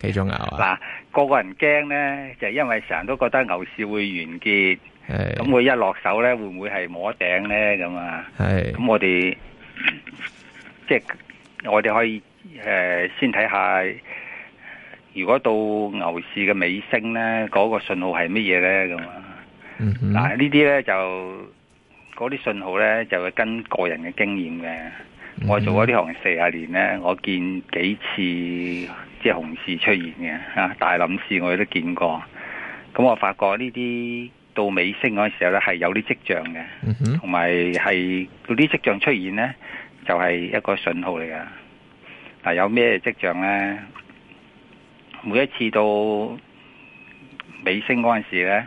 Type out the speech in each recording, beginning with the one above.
幾種牛啊？嗱，個個人驚咧，就係、因為成日都覺得牛市會完結，咁我是一落手咧，會唔會係摸頂咧咁啊？係，咁是我哋即係我哋可以誒、呃，先睇下如果到牛市嘅尾聲咧，嗰、那個信號係乜嘢咧咁啊？嗱，嗯、哼呢啲咧就嗰啲信號咧，就會跟個人嘅經驗嘅。嗯、哼我做咗呢行四十年咧，我見幾次。即係熊市出現嘅吓，大冧市我都見過。咁我發覺呢啲到尾聲嗰時候咧，係有啲跡象嘅，同埋係嗰啲跡象出現咧，就係、是、一個信號嚟噶。但有咩跡象咧？每一次到尾聲嗰陣時咧，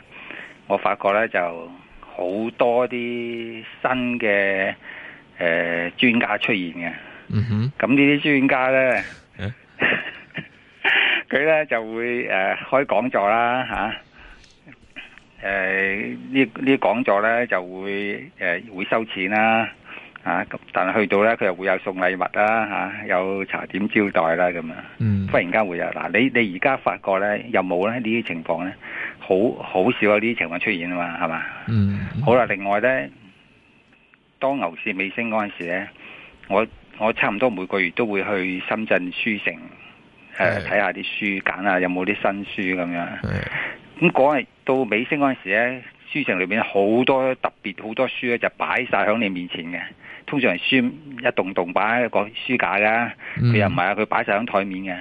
我發覺咧就好多啲新嘅誒專家出現嘅。嗯咁呢啲專家咧。佢咧就會誒、呃、開講座啦吓，誒、啊呃、呢呢講座咧就會誒、呃、會收錢啦吓，咁、啊、但係去到咧佢又會有送禮物啦吓、啊，有茶點招待啦咁啊，忽、嗯、然間會有嗱，你你而家發覺咧又冇咧呢啲情況咧，好好少有呢啲情況出現啊嘛係嘛，嗯好啦，另外咧當牛市尾聲嗰陣時咧，我我差唔多每個月都會去深圳書城。誒，睇下啲書揀啊，有冇啲新書咁樣？咁嗰的日到尾聲嗰陣時咧，書城裏邊好多特別好多書就擺晒喺你面前嘅。通常係書一棟棟擺一個書架噶，佢又唔係啊，佢擺晒喺台面嘅。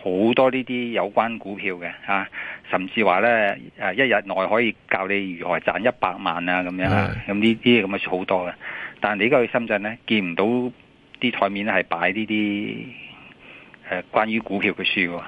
好多呢啲有關股票嘅啊，甚至話咧誒，一日內可以教你如何賺一百萬啊，咁樣咁呢啲咁嘅書好多嘅。但係你而家去深圳咧，見唔到啲台面咧係擺呢啲。誒，關於股票嘅書，啊，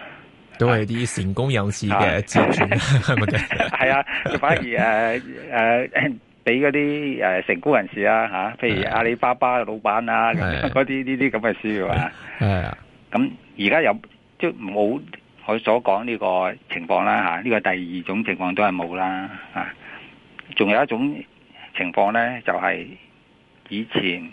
都係啲成功人士嘅知識？係 啊，反而誒誒，俾嗰啲誒成功人士啊吓，啊，譬如阿里巴巴嘅老闆啊，嗰啲呢啲咁嘅書啊，係啊，咁而家有，即係冇我所講呢個情況啦吓，呢、啊這個第二種情況都係冇啦吓，仲、啊、有一種情況咧，就係、是、以前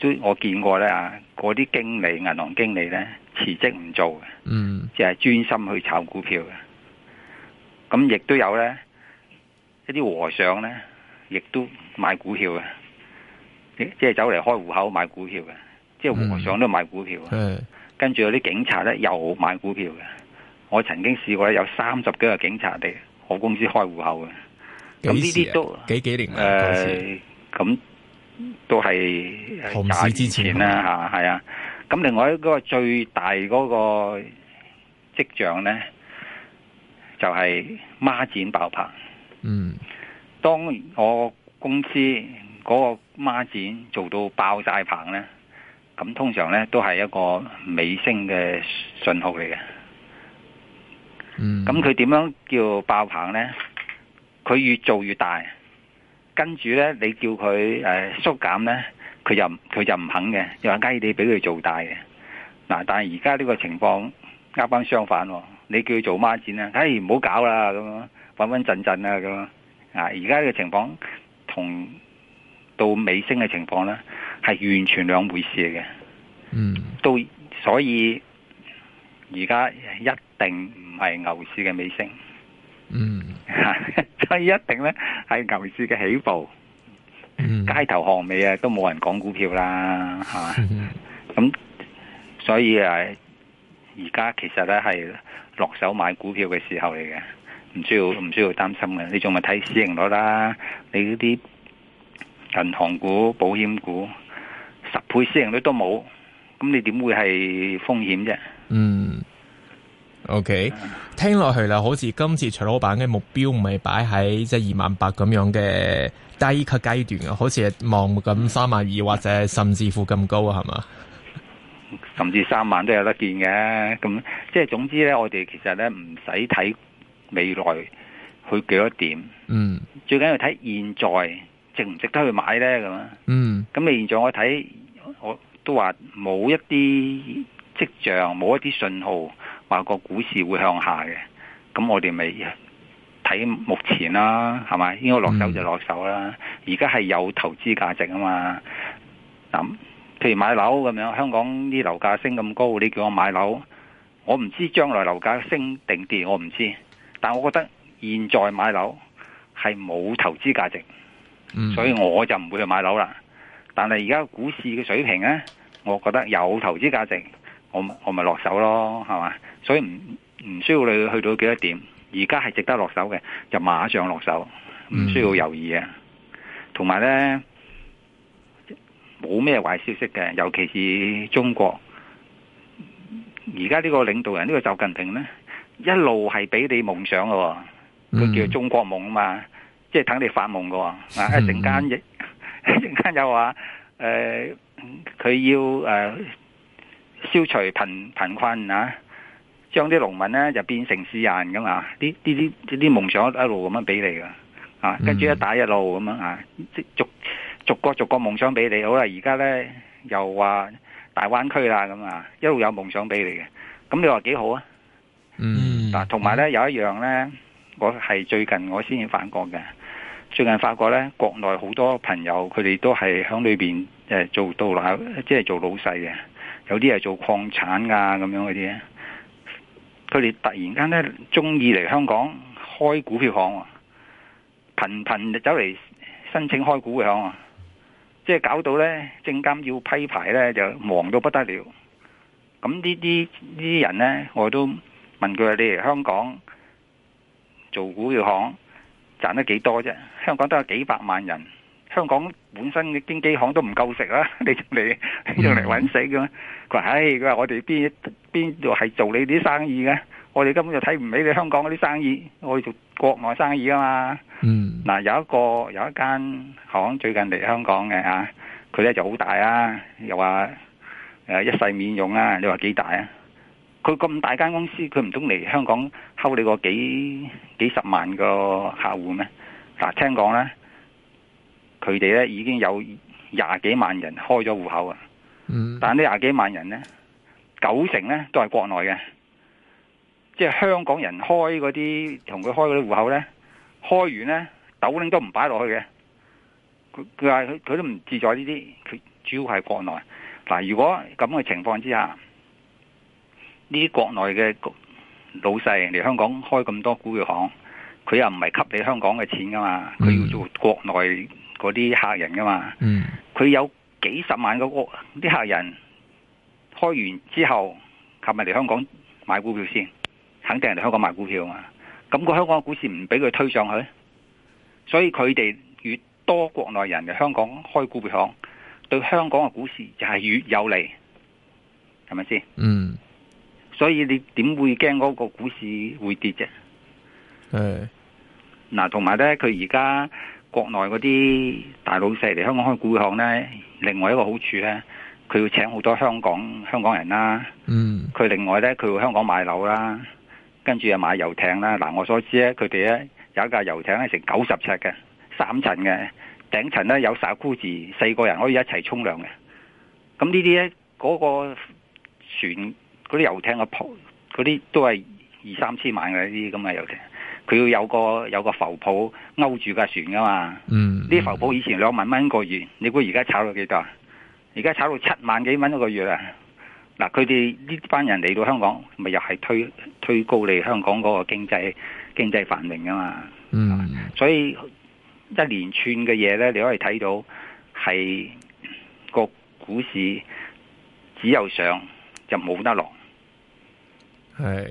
即我見過咧啊，嗰啲經理、銀行經理咧。辭職唔做嘅，嗯，就係、是、專心去炒股票嘅。咁亦都有咧，一啲和尚咧，亦都買股票嘅，即、就、係、是、走嚟開戶口買股票嘅，即、就、係、是、和尚都買股票。嗯，跟住有啲警察咧又買股票嘅。我曾經試過咧，有三十幾個警察哋我公司開戶口嘅。呢啲、啊、都幾幾年啊？咁都係廿幾年前啦，吓係啊。呃咁另外一個最大嗰個跡象咧，就係孖展爆棚。嗯，當我公司嗰個孖展做到爆曬棚咧，咁通常咧都係一個尾聲嘅信號嚟嘅。嗯，咁佢點樣叫爆棚咧？佢越做越大，跟住咧你叫佢誒縮減咧。佢就佢就唔肯嘅，又話唉你俾佢做大嘅，嗱、啊、但係而家呢個情況啱啱相反。哦，你叫佢做孖展咧，唉唔好搞啦咁樣，穩穩陣陣啦咁啊！而家呢個情況同到尾聲嘅情況咧，係完全兩回事嘅。嗯到，到所以而家一定唔係牛市嘅尾聲。嗯， 所以一定咧係牛市嘅起步。嗯、街頭巷尾啊，都冇人講股票啦，係嘛？咁 所以啊，而家其實咧，係落手買股票嘅時候嚟嘅，唔需要唔需要擔心嘅。你仲係睇市盈率啦，你嗰啲銀行股、保險股十倍市盈率都冇，咁你點會係風險啫？嗯，OK，聽落去啦，好似今次徐老闆嘅目標唔係擺喺即係二萬八咁樣嘅。低級階段啊，好似係望咁三萬二或者甚至乎咁高啊，係嘛？甚至三萬都有得見嘅，咁即係總之咧，我哋其實咧唔使睇未來去幾多點，嗯，最緊要睇現在值唔值得去買咧，咁啊，嗯，咁你現在我睇我都話冇一啲跡象，冇一啲信號話個股市會向下嘅，咁我哋咪。喺目前啦，係嘛？應該落手就落手啦。而家係有投資價值啊嘛。譬如買樓咁樣，香港啲樓價升咁高，你叫我買樓，我唔知將來樓價升定跌，我唔知。但我覺得現在買樓係冇投資價值，所以我就唔會去買樓啦。但係而家股市嘅水平呢，我覺得有投資價值，我我咪落手咯，係嘛？所以唔唔需要你去到幾多點。而家係值得落手嘅，就馬上落手，唔需要猶豫啊！同埋咧，冇咩壞消息嘅，尤其是中國。而家呢個領導人呢、呢個習近平咧，一路係俾你夢想嘅、哦，佢、嗯、叫做中國夢啊嘛，即係等你發夢嘅，啊一陣間亦一陣間又話誒，佢要誒消除貧貧困啊！將啲農民咧就變成世人咁啊！啲啲啲啲夢想一路咁樣俾你噶，啊，跟住一打一路咁樣啊，即逐逐個逐個夢想俾你。好啦，而家咧又話大灣區啦咁啊，一路有夢想俾你嘅，咁你話幾好啊？嗯，嗱、啊，同埋咧有一樣咧，我係最近我先至發覺嘅，最近發覺咧國內好多朋友佢哋都係響裏邊誒、就是、做到老，即、就、係、是、做老細嘅，有啲係做礦產㗎、啊、咁樣嗰啲。佢哋突然間咧中意嚟香港開股票行喎、啊，頻頻就走嚟申請開股票行啊！即係搞到咧證監要批牌咧，就忙到不得了。咁呢啲呢啲人咧，我都問佢你嚟香港做股票行賺得幾多啫？香港都有幾百萬人。香港本身嘅經紀行都唔夠食啦、啊，你仲嚟，你仲嚟揾死咁？佢話，唉、哎，佢話我哋邊邊度係做你啲生意嘅？我哋根本就睇唔起你香港嗰啲生意，我哋做國外生意啊嘛。嗯，嗱、啊，有一個有一間行最近嚟香港嘅嚇，佢、啊、咧就好大啊，又話誒一世免佣啊，你話幾大啊？佢咁大間公司，佢唔通嚟香港溝你個幾幾十萬個客戶咩？嗱、啊，聽講啦。佢哋咧已經有廿幾萬人開咗戶口啊！嗯、但呢廿幾萬人咧，九成咧都係國內嘅，即係香港人開嗰啲同佢開嗰啲戶口咧，開完咧，豆拎都唔擺落去嘅。佢佢話佢佢都唔志在呢啲，佢主要係國內。嗱、啊，如果咁嘅情況之下，呢啲國內嘅老細嚟香港開咁多股票行，佢又唔係吸你香港嘅錢噶嘛，佢要做國內。嗰啲客人噶嘛，佢、嗯、有幾十萬個客，啲客人開完之後琴日嚟香港買股票先？肯定係嚟香港買股票啊嘛！咁、個香港嘅股市唔俾佢推上去，所以佢哋越多國內人嚟香港開股票行，對香港嘅股市就係越有利，係咪先？嗯，所以你點會驚嗰個股市會跌啫？嗱是，同埋咧，佢而家。國內嗰啲大老細嚟香港開股行咧，另外一個好處咧，佢要請好多香港香港人啦。嗯，佢另外咧，佢去香港買樓啦，跟住又買遊艇啦。嗱、啊，我所知咧，佢哋咧有一架遊艇係成九十尺嘅，三層嘅，頂層咧有晒 Jacuzzi，四個人可以一齊沖涼嘅。咁呢啲咧，嗰、那個船嗰啲遊艇嘅鋪嗰啲都係二三千萬嘅呢啲咁嘅遊艇。佢要有個有個浮泡勾住架船噶嘛，嗯？嗯，呢浮泡以前兩萬蚊一個月，你估而家炒到幾多？而家炒到七萬幾蚊一個月啊！嗱，佢哋呢班人嚟到香港，咪又係推推高你香港嗰個經濟經濟繁榮噶嘛？嗯、啊，所以一連串嘅嘢咧，你可以睇到係個股市只有上就冇得落，係。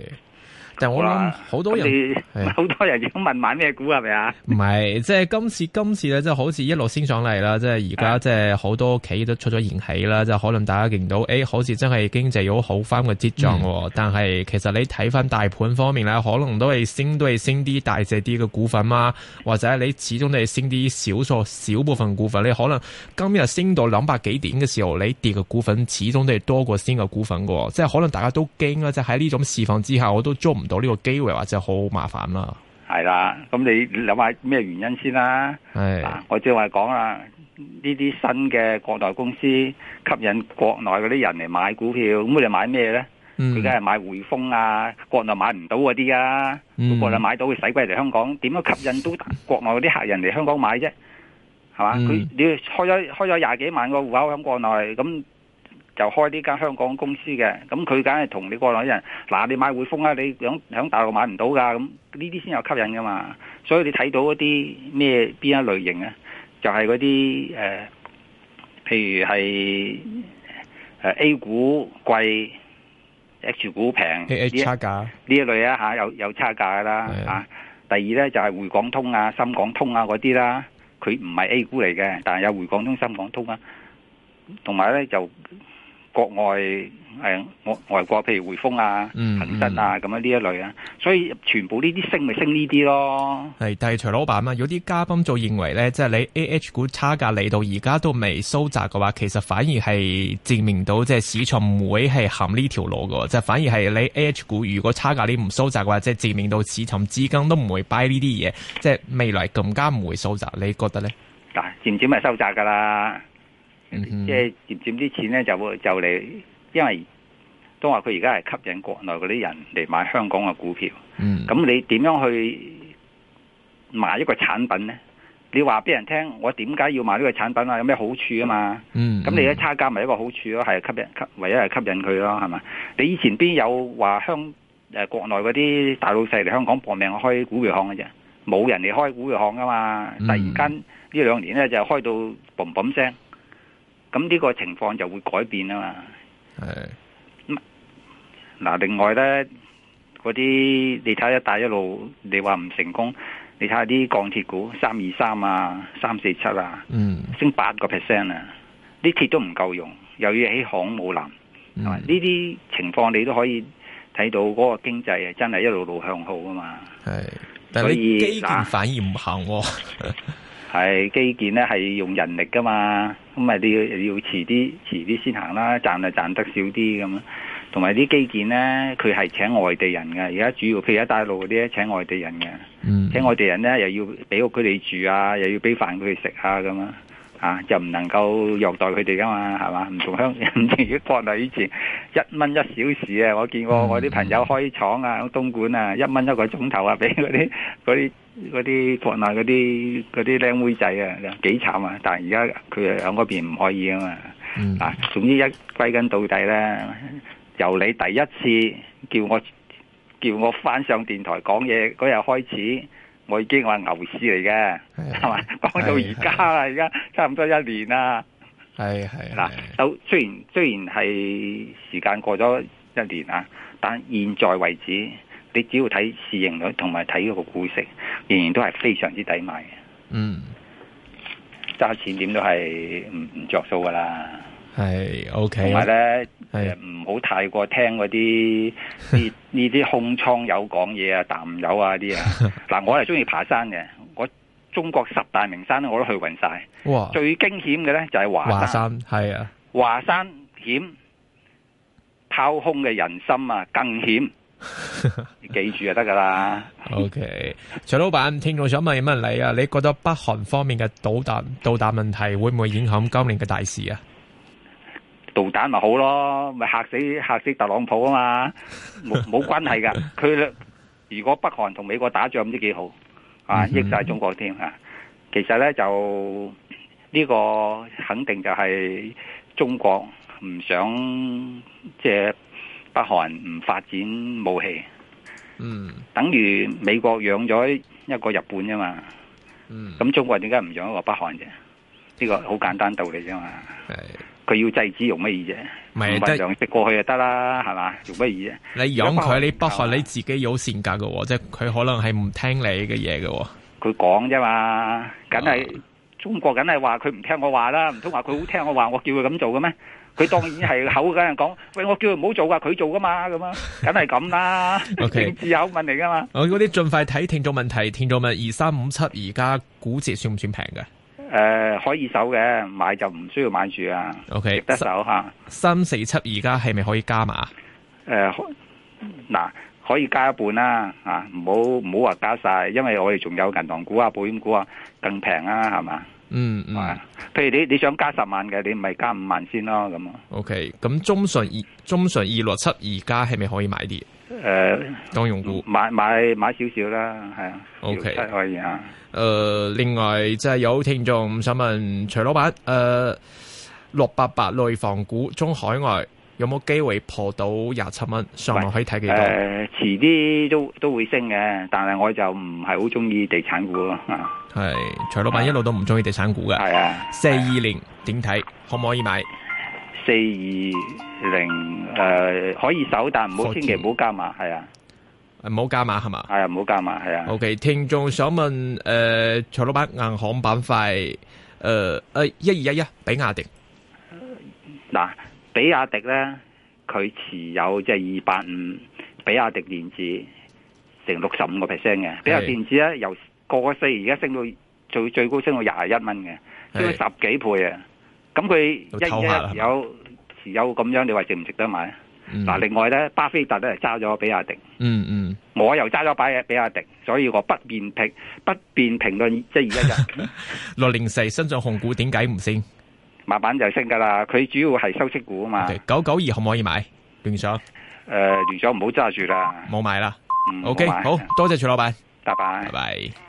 但我諗好多人，好哇、哎、多人要問買咩股啊？係咪啊？唔係，即係今次今次咧，即係好似一路升上嚟啦。即係而家即係好多企業都出咗言起啦。即係可能大家見到，誒、哎，好似真係經濟有好翻嘅跡象。嗯、但係其實你睇翻大盤方面咧，可能都係升都係升啲大隻啲嘅股份嘛。或者你始終都係升啲少數少部分股份。你可能今日升到兩百幾點嘅時候，你跌嘅股份始終都係多過升嘅股份喎。即、就、係、是、可能大家都驚啦。即係喺呢種示範之下，我都捉唔。到呢個機會或者好麻煩啦，係啦，咁你諗下咩原因先啦，啊？係唉，我只係話講啦，呢啲新嘅國內公司吸引國內嗰啲人嚟買股票，咁佢哋買咩咧？佢梗係買匯豐啊，國內買唔到嗰啲啊，嗯、國內買到會使鬼嚟香港？點樣吸引都國外嗰啲客人嚟香港買啫？係嘛，嗯？佢你開咗開咗廿幾萬個戶口響國內咁。就開呢間香港公司嘅，咁佢梗係同你過來啲人嗱、啊，你買匯豐啊，你響響大陸買唔到噶，咁呢啲先有吸引噶嘛。所以你睇到嗰啲咩邊一類型啊？就係嗰啲誒，譬如係誒、呃、A 股貴，H 股平，呢啲差價呢一類啊嚇，有有差價噶啦嚇 Yeah.、啊。第二咧就係、是、滬港通啊、深港通啊嗰啲啦，佢唔係 A 股嚟嘅，但係有滬港通、深港通啊，同埋咧就。國外誒、哎，外外國譬如匯豐啊、恒生啊咁樣呢一類啊，所以全部呢啲升咪升呢啲咯。係但係徐老闆啊，有啲嘉賓就認為咧，即係你 A H 股差價嚟到而家都未收窄嘅話，其實反而係證明到即係市場唔會係行呢條路嘅，就反而係你 A H 股如果差價你唔收窄嘅話，即係證明到市場資金都唔會 buy 呢啲嘢，即係未來更加唔會收窄。你覺得咧？但係漸漸咪收窄噶啦。即係漸漸啲錢咧，就會就嚟，因為都話佢而家係吸引國內嗰啲人嚟買香港嘅股票。咁你點樣去買一個產品咧？你話俾人聽，我點解要買呢個產品啊？有咩好處啊？嘛，咁你一差價咪一個好處咯，係吸引吸，唯一係吸引佢咯，係嘛？你以前邊有話香誒國內嗰啲大老細嚟香港搏命開股票行嘅啫，冇人嚟開股票行噶嘛？突然間呢兩年咧就開到嘭嘭聲。咁呢個情況就會改變啊嘛，係是。嗱、啊，另外咧，嗰啲你睇一帶一路，你話唔成功，你睇下啲鋼鐵股，三二三啊，三四七啊，嗯、升八個 percent 啊，啲鐵都唔夠用，又要起航母林，係嘛？呢啲情況你都可以睇到嗰、那個經濟係真係一路路向好啊嘛。係，但你基啊、所以基建反而唔行喎。 係基建咧，係用人力噶嘛，咁咪你要遲啲，遲啲先行啦，賺啊賺得少啲咁。同埋啲基建咧，佢係請外地人嘅，而家主要譬如喺大陸嗰啲請外地人嘅，嗯、請外地人咧又要俾屋佢哋住啊，又要俾飯佢哋食啊咁啊，啊就唔能夠虐待佢哋噶嘛，係嘛？唔同鄉唔同啲國內以前一蚊一小時啊，我見過我啲朋友開廠啊，喺東莞啊，一蚊一個鐘頭啊，俾嗰啲嗰啲。嗰啲國內嗰啲啲僆妹仔啊，幾慘啊！但係而家佢喺嗰邊唔可以啊嘛。嗱、嗯，總之一歸根到底咧，由你第一次叫我叫我翻上電台講嘢嗰日開始，我已經話牛市嚟嘅，係嘛？講到而家啦，而家是差唔多一年啦。係，係。嗱，都雖然雖然係時間過咗一年啊，但現在為止。你只要睇市盈率，同埋睇嗰個股息，仍然都係非常之抵買嘅。嗯，揸錢點都係唔唔著數噶啦。係，OK。同埋咧，唔好太過聽嗰啲呢呢啲空倉友講嘢啊、淡友啊啲啊。嗱，我係中意爬山嘅，我中國十大名山我都去勻晒。哇！最驚險嘅咧就係、是、華山。係啊，華山險，拋空嘅人心啊，更險。 記住就得噶啦。 OK，徐老闆，聽眾想問乜你啊？你覺得北韓方面嘅導彈導彈問題會唔會影響今年嘅大市啊？導彈咪好咯，咪吓死吓死特朗普啊嘛，冇冇關係噶。佢 如果北韓同美國打仗唔知幾好啊，益晒、嗯、哼中國添啊。其實咧就呢、這個肯定就係中國唔想即係。北韓唔發展武器，嗯，等於美國養咗一個日本啫嘛，嗯，咁中國人點解唔養一個北韓啫？呢個好簡單道理啫嘛，係，佢要制止用乜嘢啫？唔係得，識過去就得啦，係嘛？用乜嘢啫？你養佢，你北韓你自己有性格嘅，即係佢可能係唔聽你嘅嘢嘅，佢講啫嘛，梗係中國梗係話佢唔聽我話啦，唔通話佢好聽我話，我叫佢咁做嘅咩？佢當然係口咁樣講，喂！我叫佢唔好做噶，佢做噶嘛咁啊，梗係咁啦。政治問題嚟噶嘛。我嗰啲盡快睇聽眾問題，聽眾問二三五七而家估值算唔算平嘅？誒，可以守嘅，買就唔需要買住啊。OK，值得守嚇。三四七而家係咪可以加碼？誒，嗱，可以加一半啦嚇，唔好唔好話加曬，因為我哋仲有銀行股啊、保險股啊更平啊，係嘛？嗯，係、嗯，譬如，你你想加十萬嘅，你唔係加五萬先咯，咁啊。O K，咁中信二、中信二六七而家係咪可以買啲？誒、呃，當用股買買買，買少少啦，係啊。O Okay , K，可以啊。誒、呃，另外即係、就是、有聽眾想問徐老闆，誒、呃，六八八內房股中海外有冇機會破到廿七蚊？上望可以睇幾多？誒、呃，遲啲都都會升嘅，但係我就唔係好中意地產股咯。啊。係，徐老闆一路都唔中意地產股嘅。係啊，四二零點睇，可唔可、啊、可以買？四二零誒，可以守，但唔好千祈唔好加碼。係啊，唔好、呃、加碼係嘛？係啊，唔好加碼係啊。O、okay, K，聽眾想問誒、呃，徐老闆銀行板塊誒誒一二一一比亞迪。嗱、呃，比亞迪咧，佢持有即係二八五比亞迪電子，成六十五個 percent 嘅。比亞迪電子咧由個四而家升到最最高，升到廿一蚊嘅，升到十幾倍啊！咁佢一一有持有咁樣，你話值唔值得買？嗱，另外咧，巴菲特都係揸咗比亞迪，嗯嗯，我又揸咗把嘢比亞迪，所以我不便評不便評論即係而家。六零四深圳控股點解唔升？慢慢就升噶啦，佢主要係收息股啊嘛。九九二可唔可以買？聯想誒，聯想唔好揸住啦，冇買啦。OK，好多謝徐老闆，拜拜。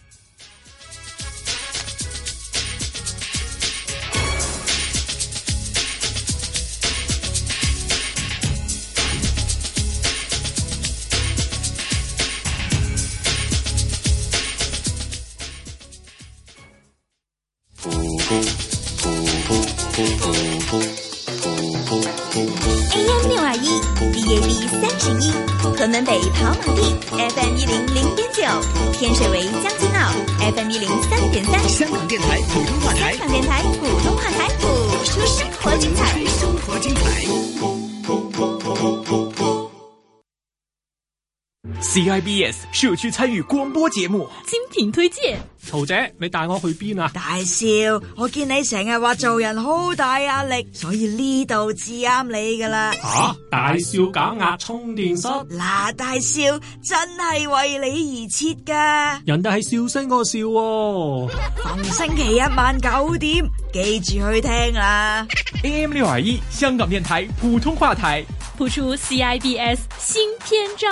CIBS，社區參與廣播節目。精品推薦，曹姐，你帶我去邊啊？大笑，我見你成日話做人好大壓力，所以呢度至啱你噶啦。吓、啊，大笑減壓充電室嗱、啊，大笑真係為你而設噶。人哋係笑聲嗰個笑。逢星期一晚九點，記住去聽啦。AM 六二一，香港電台普通話台，譜出 CIBS 新篇章。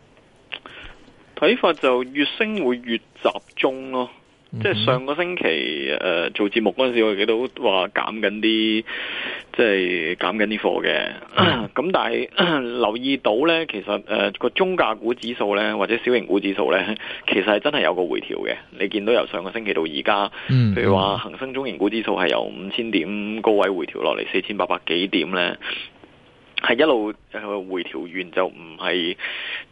睇法就越升會越集中咯、哦，即係上個星期、呃、做節目嗰陣時候，我哋都話減緊啲，即係減緊啲貨嘅。咁但係留意到呢，其實個、呃、中價股指數呢，或者小型股指數呢，其實係真係有個回調嘅。你見到由上個星期到而家，譬如話恆生中型股指數係由五千點高位回調落嚟四千八百幾點呢。係一路回調完就唔係，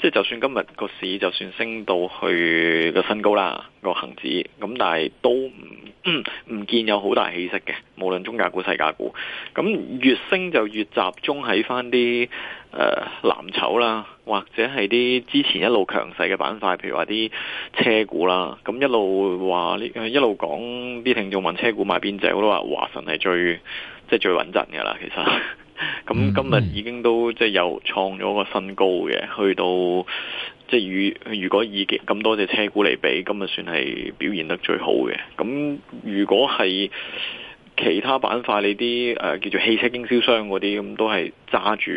即係就算今日個市就算升到去個新高啦，那個恒指咁，但係都唔唔見有好大氣息嘅，無論中價股、細價股，咁越升就越集中喺翻啲誒藍籌啦，或者係啲之前一路強勢嘅板塊，譬如話啲車股啦，咁一路話呢，一路講啲聽眾問車股買邊隻，我都話華晨係最即係最穩陣嘅啦，其實。咁今日已經都即係又創咗個新高嘅，去到即係與如果以咁多隻車股嚟比，今日算係表現得最好嘅。咁如果係其他板塊，你啲誒、呃、叫做汽車經銷商嗰啲，咁都係揸住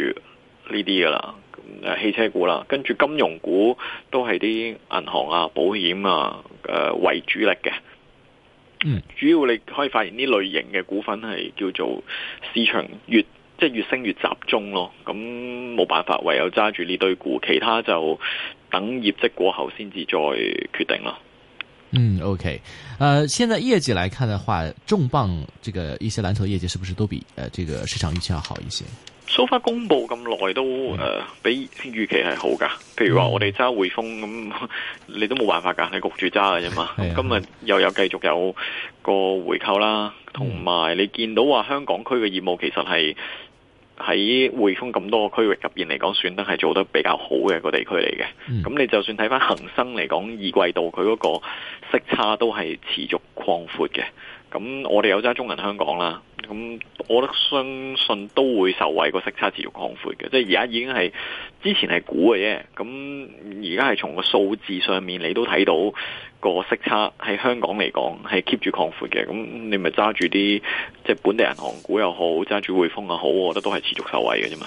呢啲噶啦，誒、啊、汽車股啦，跟住金融股都係啲銀行啊、保險啊誒、呃、為主力嘅。嗯、主要你可以發現呢類型嘅股份係叫做市場越。即係越升越集中咯，咁冇辦法，唯有揸住呢堆股，其他就等業績過後先至再決定咯。嗯，OK，誒、呃，現在業績來看的話，重磅這個一些藍籌業績是不是都比誒、呃、這個市場預期要好一些？So far 公布咁耐都誒、嗯呃、比預期係好噶，譬如話我哋揸匯豐咁，你都冇辦法噶，你焗住揸噶啫嘛。今日又有繼續有個回購啦，同埋你見到話香港區嘅業務其實係。喺匯豐咁多個區域入邊，嚟講，選得係做得比較好嘅、一個地區嚟嘅。咁你就算睇翻恒生嚟講，二季度佢嗰個息差都係持續擴闊嘅。咁我哋有揸中銀香港啦，咁我都相信都會受惠個息差持續擴闊嘅，即係而家已經係之前係估嘅啫。咁而家係從個數字上面你都睇到個息差喺香港嚟講係 keep 住擴闊嘅，咁你咪揸住啲即係本地銀行股又好，揸住匯豐又好，我覺得都係持續受惠嘅啫嘛。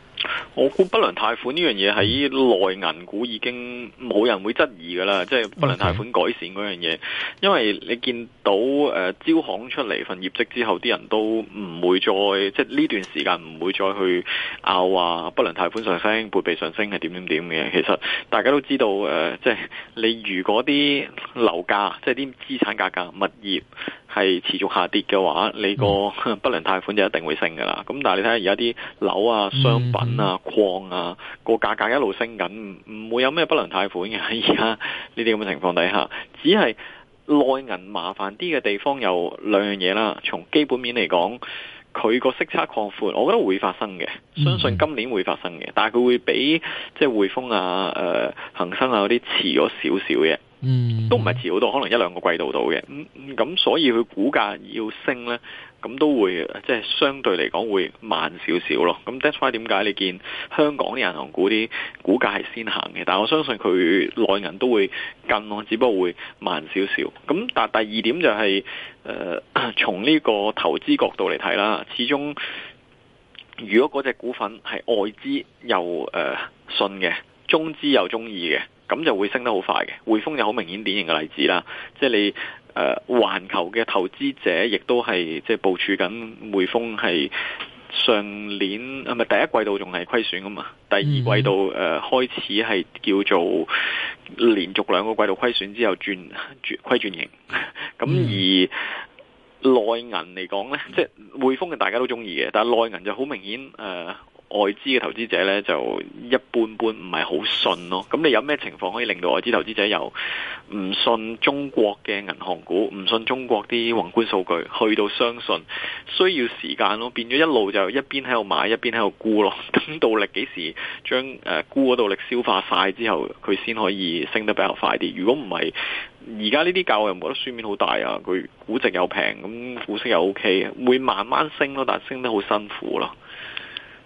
我估不良貸款呢樣嘢喺內銀股已經冇人會質疑噶啦，即係不良貸款改善嗰樣嘢，Okay. 因為你見到誒、呃、招行出嚟份業績之後，啲人都唔會再即係呢段時間唔會再去拗話不良貸款上升、撥備上升係點點點嘅。其實大家都知道誒、呃，即係你如果啲樓價即係啲資產價格、格物業係持續下跌嘅話，你個不良貸款就一定會升噶啦。咁但係你睇下而家啲樓啊商品、mm。Hmm. 啊，礦啊，個價格一路升緊，唔會有咩不良貸款嘅。而家呢啲咁嘅情況底下，只係內銀麻煩啲嘅地方有兩樣嘢啦。從基本面嚟講，佢個息差擴闊，我覺得會發生嘅，相信今年會發生嘅。但係佢會比即係、就是、匯豐啊、誒、呃、恆生啊嗰啲遲咗少少嘅，嗯，都唔係遲好多，可能一兩個季度到嘅。咁、嗯、咁、嗯、所以佢股價要升呢。咁都會即係相對嚟講會慢少少咯。咁 That's why 點解你見香港啲銀行股啲股價係先行嘅？但係我相信佢內銀都會近岸，只不過會慢少少。咁但係第二點就係從呢個投資角度嚟睇啦，始終如果嗰隻股份係外資又、呃、信嘅，中資又中意嘅，咁就會升得好快嘅。匯豐就好明顯典型嘅例子啦，即係你。誒，環、呃、球嘅投資者亦都係即係部署緊，匯豐係上年係咪第一季度仲係虧損噶嘛？第二季度誒、嗯嗯呃、開始係叫做連續兩個季度虧損之後轉轉虧轉，轉盈。咁、 嗯、而內銀嚟講呢，嗯嗯即係匯豐大家都鍾意嘅，但係內銀就好明顯誒。呃外資嘅投資者呢，就一般般不是很，唔係好信咯。咁你有咩情況可以令到外資投資者由唔信中國嘅銀行股，唔信中國啲宏觀數據，去到相信需要時間咯。變咗一路就一邊喺度買，一邊喺度沽咯。咁 到力幾時將誒、呃、沽嗰度力消化曬之後，佢先可以升得比較快啲。如果唔係，而家呢啲教育又覺得書面好大啊，佢估值又平，咁股息又 OK，會慢慢升咯，但係升得好辛苦咯。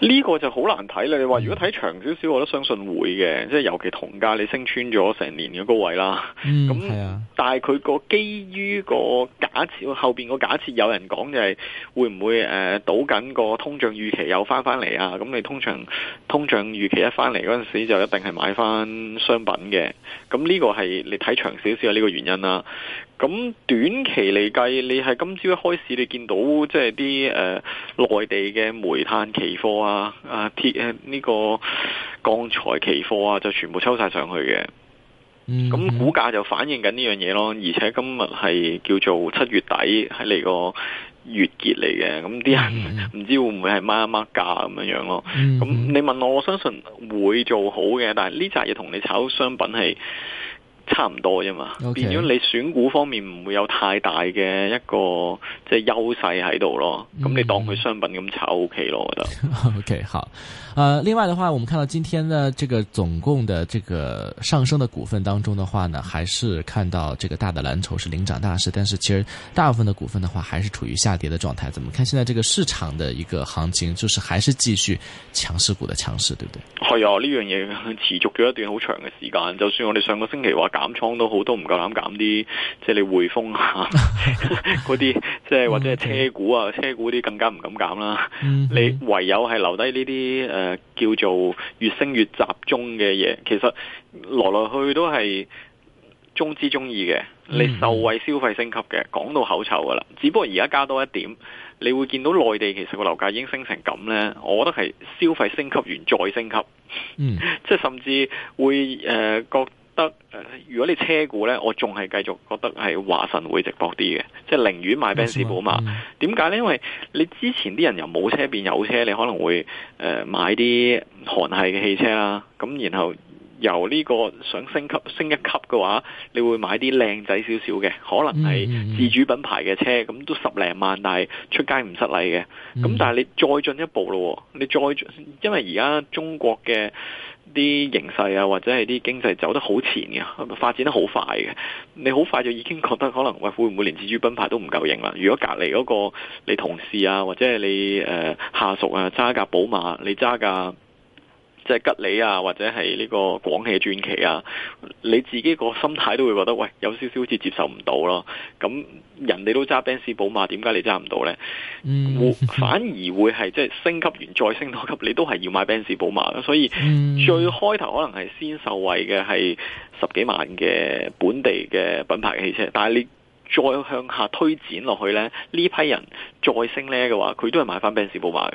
呢個就好難睇啦！你話如果睇長少少，我都相信會嘅，即係尤其銅價你升穿咗成年嘅高位啦。咁，但係佢個基於個假設，後邊個假設有人講就係會唔會誒賭緊個通脹預期又翻翻嚟啊？咁你通常通脹預期一翻嚟陣時就一定係買翻商品嘅。咁呢個係你睇長少少嘅呢個原因啦、啊。咁短期嚟計，你係今朝開始你見到即係啲誒內地嘅煤炭期貨。啊！啊鐵誒，呢、這個鋼材期貨啊，就全部抽晒上去嘅。咁、mm hmm. 股價就反映緊呢樣嘢咯。而且今日係叫做七月底喺嚟個月結嚟嘅，咁啲人唔知會唔會係掹一掹價咁樣樣咯。咁、mm hmm. 你問我，我相信會做好嘅，但係呢扎嘢同你炒商品係。差唔多啫嘛，okay, 變咗你選股方面唔會有太大嘅一個即係優勢喺度咯。咁、嗯、你當佢商品咁炒 O K 咯，嗯、我覺得。O K 好，誒、呃，另外的話，我們看到今天呢，這個總共的這個上升的股份當中的話呢，還是看到這個大的藍籌是領漲大市，但是其實大部分的股份的話，還是處於下跌的狀態。怎麼看現在這個市場的一個行情，就是還是繼續強勢股的強勢，對不對？係啊、哎，呢樣嘢持續咗一段好長嘅時間，就算我哋上個星期話。減倉都好都唔夠膽減啲，即係你匯豐啊嗰啲，即係 或者係車股啊，車股啲更加唔敢減啦。 你唯有係留低呢啲誒，叫做越升越集中嘅嘢。其實來來去都係中之中意嘅， 你受惠消費升級嘅，講到口臭噶啦。只不過而家加多一點，你會見到內地其實個樓價已經升成咁呢。我覺得係消費升級完再升級， 即係甚至會誒、呃得，如果你車股呢，我仲係繼續覺得係華神會直博啲嘅，即係寧願買賓 o 寶馬。點解呢？因為你之前啲人由冇車變有車，你可能會誒、呃、買啲韓系嘅汽車啦。咁然後。由呢個想升級升一級嘅話，你會買啲靚仔少少嘅，可能係自主品牌嘅車，咁都十零萬，但係出街唔失禮嘅。咁但係你再進一步咯、哦，你再進，因為而家中國嘅啲形勢啊，或者係啲經濟走得好前嘅，發展得好快嘅，你好快就已經覺得可能喂、哎、會唔會連自主品牌都唔夠型啦？如果隔離嗰個你同事啊，或者係你下屬啊，揸架寶馬，你揸架？即係吉利啊，或者係呢個廣汽傳奇啊，你自己個心態都會覺得，喂，有少少好似接受唔到咯。咁人哋都揸賓士、寶馬，點解你揸唔到呢？嗯、反而會係即係升級完再升多級，你都係要買賓士、寶馬。所以最開頭可能係先受惠嘅係十幾萬嘅本地嘅品牌嘅汽車，但係你再向下推展落去呢，呢批人再升呢嘅話，佢都係買翻賓士、寶馬嘅。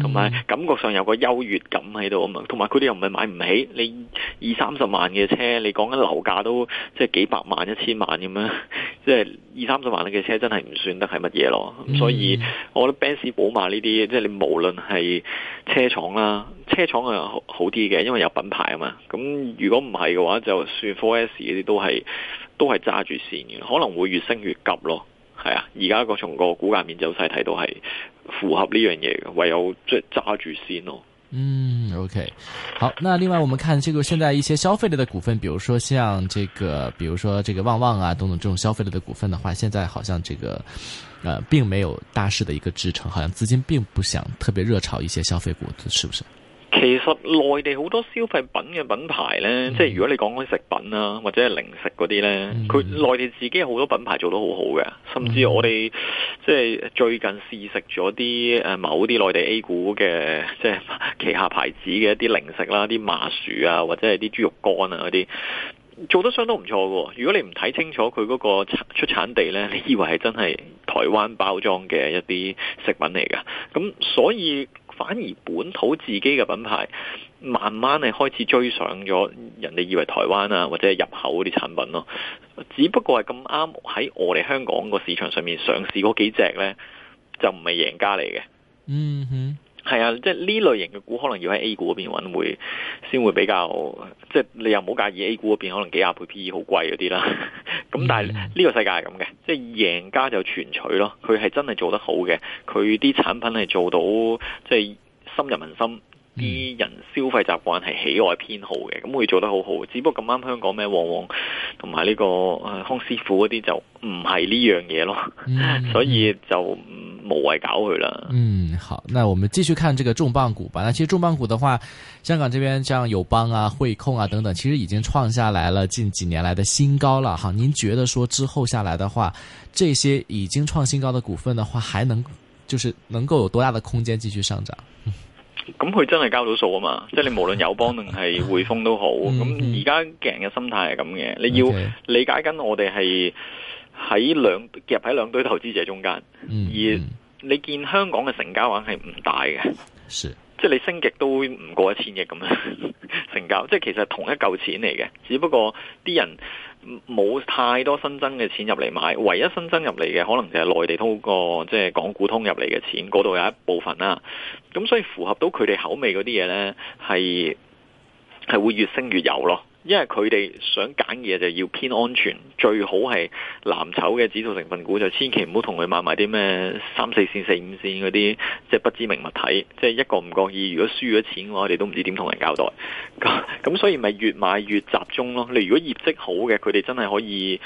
同埋、嗯、感覺上有個優越感喺度啊嘛，同埋佢哋又唔係買唔起，你二三十萬嘅車，你講緊樓價都即係幾百萬、一千萬咁樣，即係二三十萬嘅車真係唔算得係乜嘢咯。所以我覺得 Benz 寶馬呢啲，即係你無論係車廠啦，車廠係好啲嘅，因為有品牌啊嘛。咁如果唔係嘅話，就算 4S 嗰啲都係都係揸住線嘅，可能會越升越急咯。係啊，而家個從個股價面走勢睇到係符合呢樣嘢嘅，唯有即係揸住先咯。嗯，OK，好。那另外我們看，這個現在一些消費類的股份，比如說像這個，比如說這個旺旺啊，等等這種消費類的股份的話，現在好像這個，呃並沒有大勢的一個支撐，好像資金並不想特別熱炒一些消費股，是不是？其實內地好多消費品嘅品牌呢，即係如果你講嗰啲食品啦、啊，或者係零食嗰啲呢，佢內地自己有好多品牌做得好好嘅，甚至我哋即係最近試食咗啲某啲內地 A 股嘅即係旗下牌子嘅一啲零食啦、啊，啲麻薯啊，或者係啲豬肉乾啊嗰啲，做得相當唔錯嘅。如果你唔睇清楚佢嗰個出產地呢，你以為係真係台灣包裝嘅一啲食品嚟㗎。咁所以。反而本土自己嘅品牌，慢慢係開始追上咗人哋，以為台灣啊，或者入口嗰啲產品咯。只不過係咁啱喺我哋香港個市場上面上市嗰幾隻咧，就唔係贏家嚟嘅。嗯哼。係啊，即係呢類型嘅股可能要喺 A 股嗰邊搵會，先會比較，即係你又唔好介意 A 股嗰邊可能幾廿倍 P/E 好貴嗰啲啦。咁但係呢個世界係咁嘅，即係贏家就全取咯。佢係真係做得好嘅，佢啲產品係做到即係深入民心。啲、嗯、人消費習慣係喜愛偏好嘅，咁佢做得好好。只不過咁啱香港咩旺旺同埋呢個康師傅嗰啲就唔係呢樣嘢咯，嗯、所以就無謂搞佢啦。嗯，好，那我們繼續看這個重磅股吧。那其實重磅股的話，香港這邊像友邦啊、匯控啊等等，其實已經創下來了近幾年來的新高了。哈，您覺得說之後下來的話，這些已經創新高的股份的話，還能就是能夠有多大的空間繼續上漲？嗯咁佢真係交到數啊嘛！即係你無論友邦定係匯豐都好，咁而家嘅人嘅心態係咁嘅，你要理解緊我哋係喺兩夾喺兩堆投資者中間，而你見香港嘅成交量係唔大嘅，是即係你升極都唔過一千億咁樣成交，即係其實同一嚿錢嚟嘅，只不過啲人。冇太多新增嘅錢入嚟買，唯一新增入嚟嘅可能就係內地通過即係港股通入嚟嘅錢，嗰度有一部分啦。咁所以符合到佢哋口味嗰啲嘢呢，係係會越升越有咯。因為佢哋想揀嘢就要偏安全，最好係藍籌嘅指數成分股，就千祈唔好同佢買埋啲咩三四線、四五線嗰啲即係不知名物體，即係一個唔覺意如果輸咗錢嘅話，我哋都唔知點同人交代。咁咁所以咪越買越集中咯。你如，如果業績好嘅，佢哋真係可以。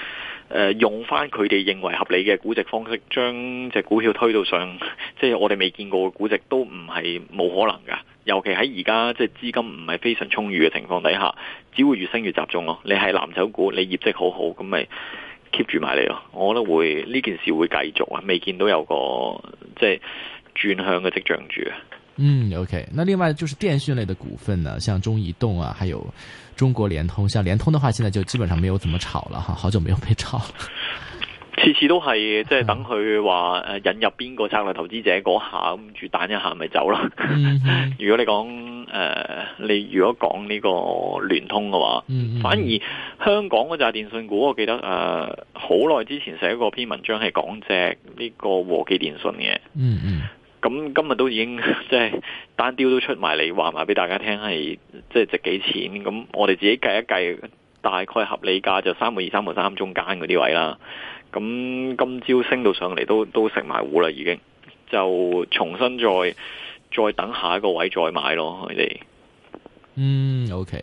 誒、呃，用翻佢哋認為合理嘅估值方式，將隻股票推到上，即係我哋未見過嘅估值都唔係冇可能噶。尤其喺而家即係資金唔係非常充裕嘅情況底下，只會越升越集中咯。你係藍籌股，你業績好好，咁咪 keep 住埋你咯。我覺得會呢件事會繼續啊，未見到有個即係轉向嘅跡象住。嗯，OK。那另外就是電訊類嘅股份呢，像中移動啊，還有。中國聯通，像聯通的話，現在就基本上沒有怎麼炒了哈，好久沒有被炒。次次都係即係等佢話引入邊個策略投資者嗰下咁住彈一下咪走咯。嗯嗯、如果你講誒、呃，你如果講呢個聯通嘅話，嗯嗯、反而香港嗰就係電信股，我記得誒好耐之前寫過篇文章係講隻呢個和記電信嘅、嗯。嗯嗯。咁今日都已經即係單雕都出埋嚟，話埋俾大家聽係即係值幾錢。咁我哋自己計一計，大概合理價就三個二、三個三中間嗰啲位啦。咁今朝升到上嚟都都食埋糊啦，已經就重新再再等下一個位再買咯，佢哋嗯，OK。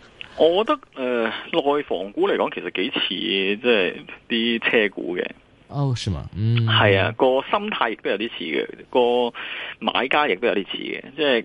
我覺得誒，呃、內房股嚟講，其實幾似即係啲車股嘅。哦，oh, 是嘛？嗯，係啊，個心態亦都有啲似嘅，個買家亦都有啲似嘅，即係。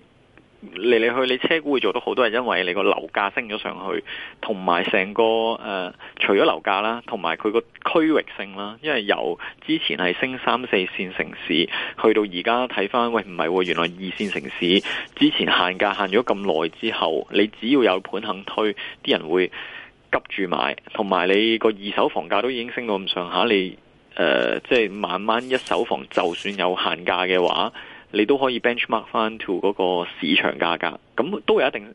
嚟嚟去，你車股會做到好多，係因為你個樓價升咗上去，同埋成個、呃、除咗樓價啦，同埋佢個區域性啦。因為由之前係升三四線城市，去到而家睇翻，喂，唔係喎，原來二線城市之前限價限咗咁耐之後，你只要有盤肯推，啲人會急住買，同埋你個二手房價都已經升到咁上下，你、呃、即係慢慢一手房就算有限價嘅話，你都可以 Benchmark 翻到嗰個市場價格，咁都有一定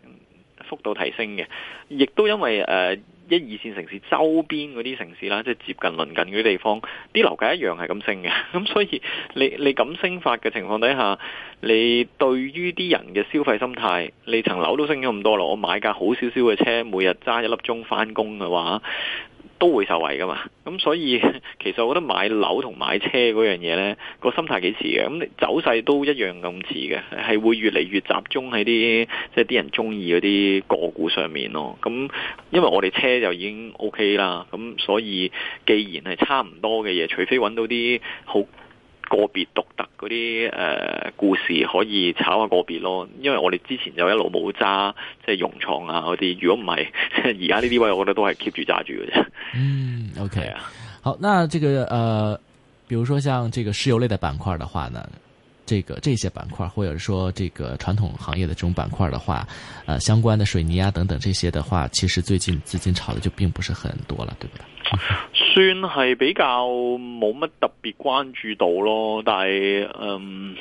幅度提升嘅。亦都因為誒、呃、一、二線城市周邊嗰啲城市啦，即係接近鄰近嗰啲地方，啲樓價一樣係咁升嘅。咁所以你你咁升法嘅情況底下，你對於啲人嘅消費心態，你層樓都升咗咁多咯。我買架好少少嘅車，每日揸一粒鐘翻工嘅話，都會受惠㗎嘛，咁所以其實我覺得買樓同買車嗰樣嘢呢，個心態幾似嘅，咁你走勢都一樣咁似嘅，係會越嚟越集中喺啲即係啲人中意嗰啲個股上面咯。咁因為我哋車就已經 OK 啦，咁所以既然係差唔多嘅嘢，除非揾到啲好，個別獨特嗰啲誒故事可以炒下個別咯，因為我哋之前就一路冇揸即係融創啊嗰啲，如果唔係而家呢啲位我覺得都係 keep 住揸住嘅啫。嗯，OK 啊，好，那這個呃，比如說像這個石油類的板塊的話呢，這個這些板塊，或者是說這個傳統行業的這種板塊的話，呃，相關的水泥啊等等這些的話，其實最近資金炒的就並不是很多了，對唔對？算係比較冇乜特別關注到咯，但係嗯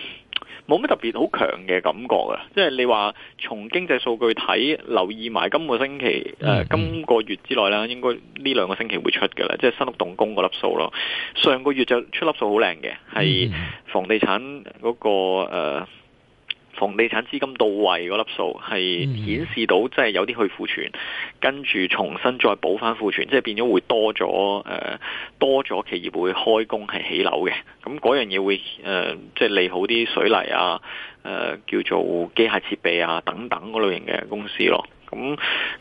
冇乜特別好強嘅感覺啊，即係你話從經濟數據睇，留意埋今個星期誒今、呃這個月之內啦，應該呢兩個星期會出嘅啦，即係新屋動工嗰粒數咯。上個月就出粒數好靚嘅，係房地產嗰、那個誒。呃房地產資金到位嗰粒數係顯示到，即係有啲去庫存，跟住重新再補翻庫存，即係變咗會多咗誒、呃，多咗企業會開工係起樓嘅，咁嗰樣嘢會誒、呃，即係利好啲水泥啊，誒、呃，叫做機械設備啊等等嗰類型嘅公司咯。咁、嗯、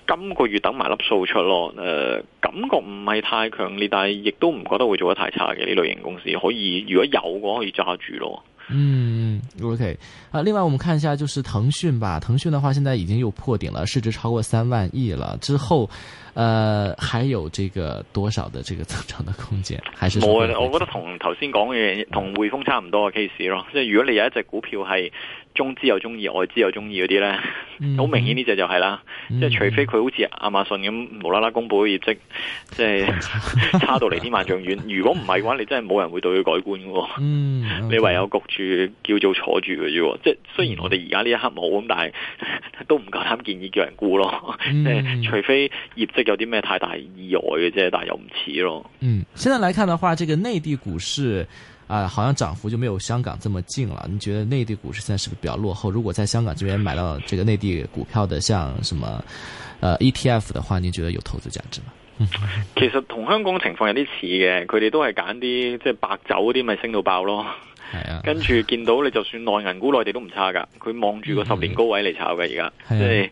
今個月等埋粒數出咯，誒、呃，感覺唔係太強烈，但係亦都唔覺得會做得太差嘅呢類型公司，可以如果有嘅話可以揸住咯。嗯，OK。啊，另外我們看一下，就是騰訊吧。騰訊的話，現在已經又破頂了，市值超過三萬億了。之後，呃，還有這個多少的這個增長的空間？還是冇啊？我覺得同頭先講嘅同匯豐差唔多嘅 case 咯。嗯、即係如果你有一隻股票係中資又中意，外資又中意嗰啲咧，好、嗯、明顯呢隻就係啦。嗯、即係除非佢好似亞馬遜咁無啦啦公布業績，即係差到離天萬丈遠。 如果唔係嘅話，你真係冇人會對佢改觀嘅。嗯，okay。你唯有焗住。叫做坐住嘅啫，即係雖然我哋而家呢一刻冇咁，嗯、但係都唔夠膽建議叫人沽咯，即係、嗯、除非業績有啲咩太大意外嘅啫，但係又唔似咯。嗯，現在來看嘅話，呢、這個內地股市啊、呃，好像漲幅就沒有香港咁勁啦。你覺得內地股市現在是不是比較落後？如果在香港這邊買到呢個內地股票嘅，像什麼、嗯呃、，ETF 嘅話，你覺得有投資價值嗎？其實同香港情況有啲似嘅，佢哋都係揀啲即係白酒嗰啲，咪升到爆咯。係啊，跟住見到你，就算內銀股內地都唔差噶。佢望住個十年高位嚟炒嘅，而家即係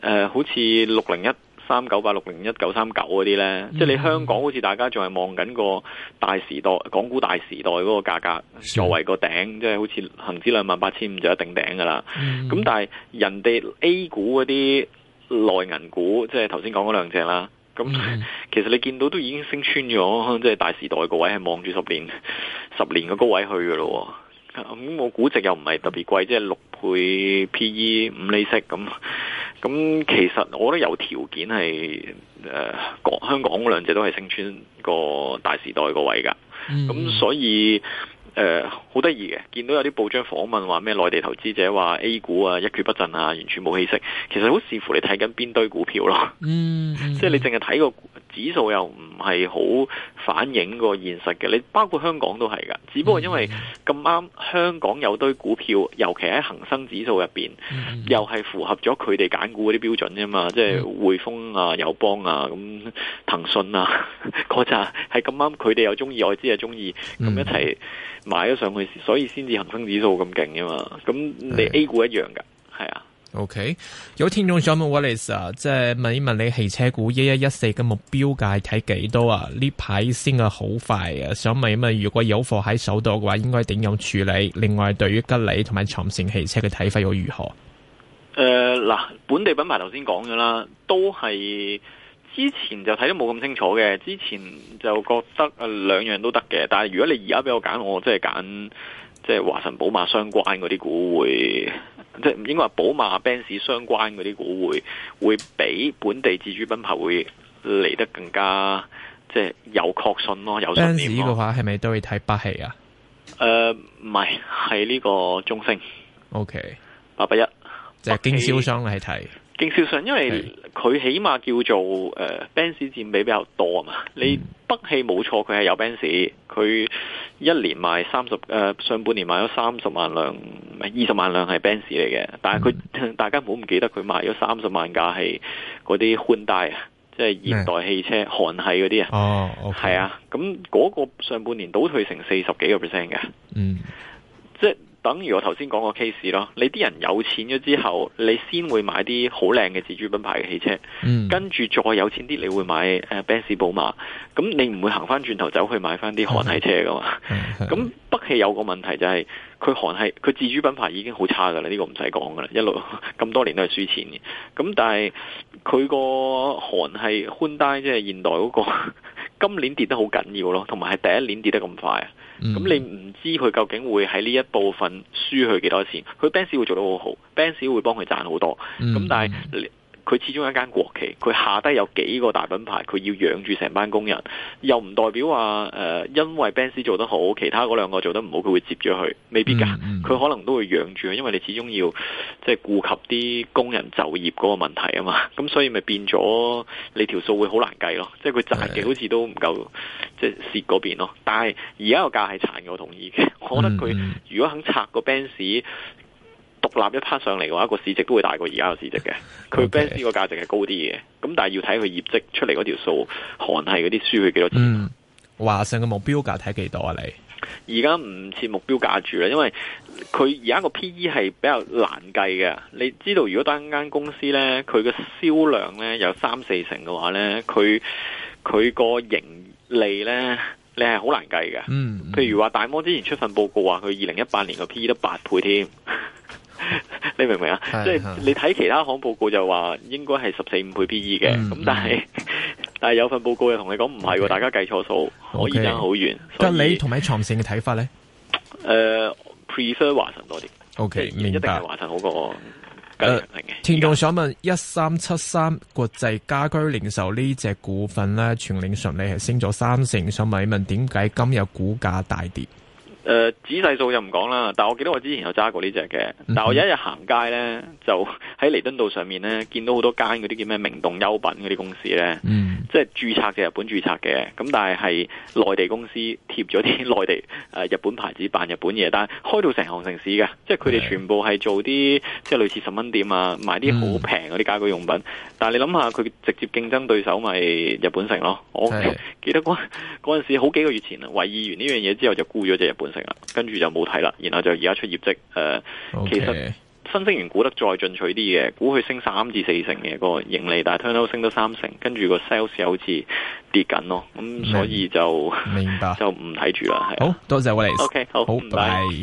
誒，好似六零一三九八、六零一九三九嗰啲呢，即係、嗯、你香港好似大家仲係望緊個大時代，港股大時代嗰個價格作為個頂，即、就、係、係、好似恒指兩萬八千五就一定頂噶啦。咁、嗯、但係人哋 A 股嗰啲內銀股，即係頭先講嗰兩隻啦。咁、嗯、其實你見到都已經升穿咗，即係大時代個位係望住十年、十年嘅高位去嘅咯。咁、嗯、我估值又唔係特別貴，即係六倍 PE、五厘息咁。咁其實我覺得有條件係誒港香港嗰兩隻都係升穿個大時代個位㗎。咁、嗯、所以。誒好得意嘅，見到有啲報章訪問話咩內地投資者話 A 股啊一蹶不振啊，完全冇氣息。其實好視乎你睇緊邊堆股票咯，嗯嗯、即係你淨係睇個指數又唔係好反映個現實嘅，你包括香港都係㗎，只不過因為咁啱香港有堆股票，尤其喺恒生指數入面，嗯、又係符合咗佢哋揀股嗰啲標準啫嘛，即係匯豐啊、友邦啊、咁騰訊啊嗰扎，係咁啱佢哋又中意，我知係中意，咁一齊買咗上去，所以先至恒生指數咁勁啫嘛，咁你 A 股一樣㗎，係啊。OK，有聽眾想問 Wallace 啊，即係問一問你汽車股一一一四嘅目標價睇幾多啊？呢排先係好快啊！想問一問啊，如果有貨喺手度嘅話，應該點樣處理？另外，對於吉利同埋長城汽車嘅睇法又如何？誒，嗱，本地品牌頭先講咗啦，都係之前就睇得冇咁清楚嘅，之前就覺得誒兩樣都得嘅，但係如果你而家俾我揀，我即係揀即係華晨寶馬相關嗰啲股會。即係應該話寶馬、奔馳相關嗰啲股會會比本地自主品牌會嚟得更加即係、就是、有確信咯，有信念咯。奔馳嘅話係咪都會睇北汽啊？誒、呃，唔係，係呢個中升。OK，八八一，即係經銷商嚟睇。經銷商因為佢起碼叫做誒，Benz 占比比較多啊嘛。嗯、你北汽冇錯，佢係有 Benz。佢一年賣三十誒，上半年賣咗三十萬輛，二十萬輛係 Benz 嚟嘅。但係佢、嗯、大家唔好唔記得，佢賣咗三十萬架係嗰啲寬大啊，即係現代汽車韓係嗰啲啊。哦，係啊，咁嗰個上半年倒退成四十幾個 percent 嘅。嗯，即。等如我頭先講個 case 咯，你啲人有錢咗之後，你先會買啲好靚嘅自主品牌嘅汽車，嗯、跟住再有錢啲，你會買呃、賓士、寶馬。咁你唔會行翻轉頭走去買翻啲韓系車噶嘛？咁、嗯、 北汽有個問題就係佢韓系佢自主品牌已經好差㗎啦，呢、呢個唔使講㗎啦，一路咁多年都係輸錢嘅。咁但係佢個韓系寬帶即係現代嗰、嗰個，今年跌得好緊要咯，同埋係第一年跌得咁快啊！咁、嗯、你唔知佢究竟會喺呢一部分輸去幾多錢？佢 banks 會做得好好，banks 會幫佢賺好多。咁、嗯、但係。嗯佢始終一間國企，佢下低有幾個大品牌，佢要養住成班工人，又唔代表話誒、呃，因為 Benz 做得好，其他嗰兩個做得唔好，佢會接咗去。未必㗎。佢、嗯嗯、可能都會養住，因為你始終要即係、就是、顧及啲工人就業嗰個問題啊嘛。咁所以咪變咗你條數會好難計咯。即係佢賺嘅好似都唔夠，嗯、即係蝕嗰邊咯。但係而家個價係殘嘅，我同意嘅。我覺得佢如果肯拆個 Benz。獨立一 part 上嚟嘅話，個市值都會大過而家嘅市值嘅。佢 base 呢個價值係高啲嘅，咁但係要睇佢業績出嚟嗰條數，韓系嗰啲輸佢幾多錢？嗯、華盛嘅目標價睇幾多啊你？你而家唔設目標價住啦，因為佢而家個 P E 係比較難計嘅。你知道如果單間公司呢，佢嘅銷量呢有三四成嘅話呢，佢佢個盈利呢，你係好難計嘅。嗯、嗯，譬如話大摩之前出份報告話，佢二零一八年個 P E 都八倍添。 你明唔明啊？即係的你睇其他行報告就話應該係十四五倍 P E 嘅，咁但係但係有份報告又同你講唔係，Okay. 大家計錯數，可以爭好遠。隔 Okay. 以你同埋長線嘅睇法咧，誒、呃、prefer 華晨多啲。O Okay , K，一定係華晨好過誒、呃。聽眾想問一三七三國際家居零售呢隻股份咧，全領順利係升咗三成，想問一問點解今日股價大跌？誒、呃，仔細數就唔講啦，但係我記得我之前有揸過呢隻嘅。嗯、但係我有一日行街呢，就喺彌敦道上面呢，見到好多間嗰啲叫咩明洞優品嗰啲公司呢，嗯、即係註冊嘅日本註冊嘅，咁但係係內地公司貼咗啲內地、呃、日本牌子扮日本嘢，但係開到成行成市嘅，即係佢哋全部係做啲是即係類似十蚊店啊，賣啲好平嗰啲家居用品。嗯、但係你諗下，佢直接競爭對手咪日本城咯？是我記得嗰，嗰陣時好幾個月前啦，為意完呢樣嘢之後就沽咗隻日本。跟住就冇睇啦，然後就而家出業績。誒、呃，Okay. 其實新星源估得再進取啲嘅，估佢升三至四成嘅，個盈利但係都升到三成，跟住個 sales 好似跌緊咯，咁、嗯、白所以就明白就唔睇住啦。係，好多謝我哋。O K，好，唔拜。